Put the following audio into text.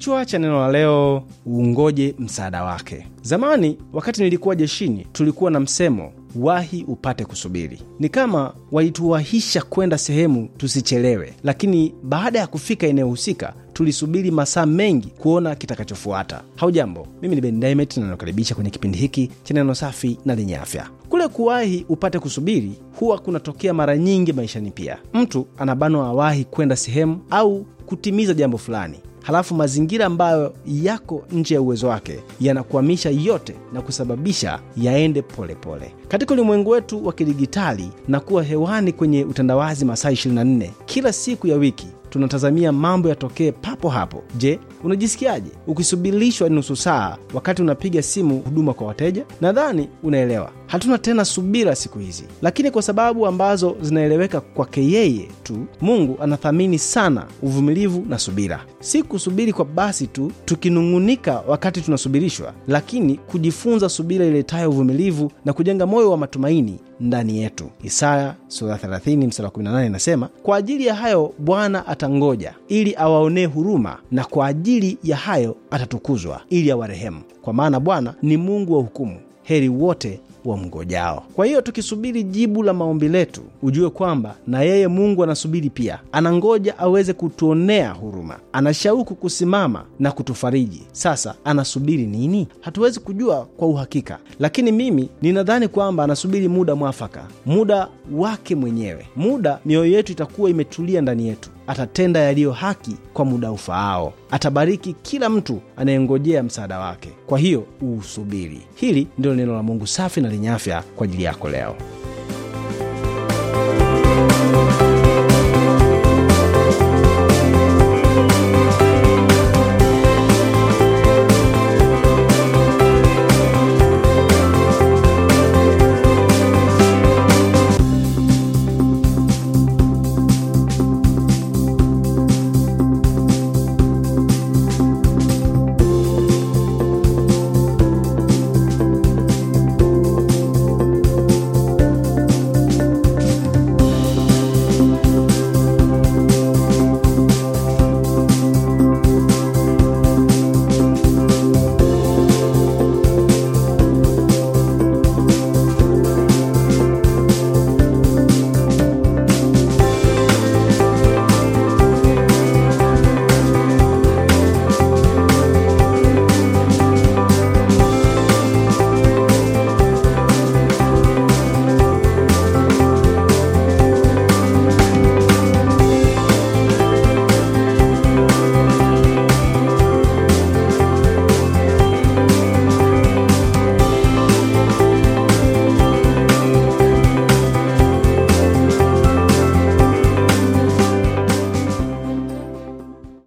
Kichwa cha neno la leo: uungoje msaada wake. Zamani wakati nilikuwa jeshini, tulikuwa na msemo wahi upate kusubiri. Ni kama walituwahisha kwenda sehemu tusichelewe, lakini baada ya kufika eneo husika tulisubiri masaa mengi kuona kitakachofuata. hau jambo mimi ni Ben nanaokaribisha na nakaribisha kwenye kipindi hiki cha neno safi na lenye afya. Kule kuwahi upate kusubiri huwa kunatokea mara nyingi maishani. Pia mtu anabanwa awahi kwenda sehemu au kutimiza jambo fulani halafu mazingira ambayo yako nje ya uwezo wake yanakuamisha yote na kusababisha yaende polepole pole. Katika ulimwengu wetu wa kidigitali na kuwa hewani kwenye utandawazi masaa 24 kila siku ya wiki tunatazamia mambo yatokee papo hapo. Je, unajisikiaje ukisubilishwa nusu saa wakati unapiga simu huduma kwa wateja? Nadhani unaelewa. Hatuna tena subira siku hizi, lakini kwa sababu ambazo zinaeleweka kwake yeye tu, Mungu anathamini sana uvumilivu na subira, si kusubiri kwa basi tu tukinung'unika wakati tunasubirishwa, lakini kujifunza subira iletayo uvumilivu na kujenga moyo wa matumaini ndani yetu. Isaya sura 30 18 inasema, kwa ajili ya hayo Bwana atangoja ili awaonee huruma, na kwa ajili ya hayo atatukuzwa ili awarehemu, kwa maana Bwana ni Mungu wa hukumu. Heri wote wa mngojao. Kwa hiyo tukisubiri jibu la maombi letu, ujue kwamba na yeye Mungu anasubiri pia, anangoja aweze kutuonea huruma, ana shauku kusimama na kutufariji. Sasa anasubiri nini? Hatuwezi kujua kwa uhakika, lakini mimi ninadhani kwamba anasubiri muda mwafaka, muda wake mwenyewe, muda mioyo yetu itakuwa imetulia ndani yetu. Atatenda yaliyo haki kwa muda ufaao, atabariki kila mtu anayengojea msaada wake. Kwa hiyo uusubiri. Hili ndilo neno la Mungu safi na lenye afya kwa ajili yako leo.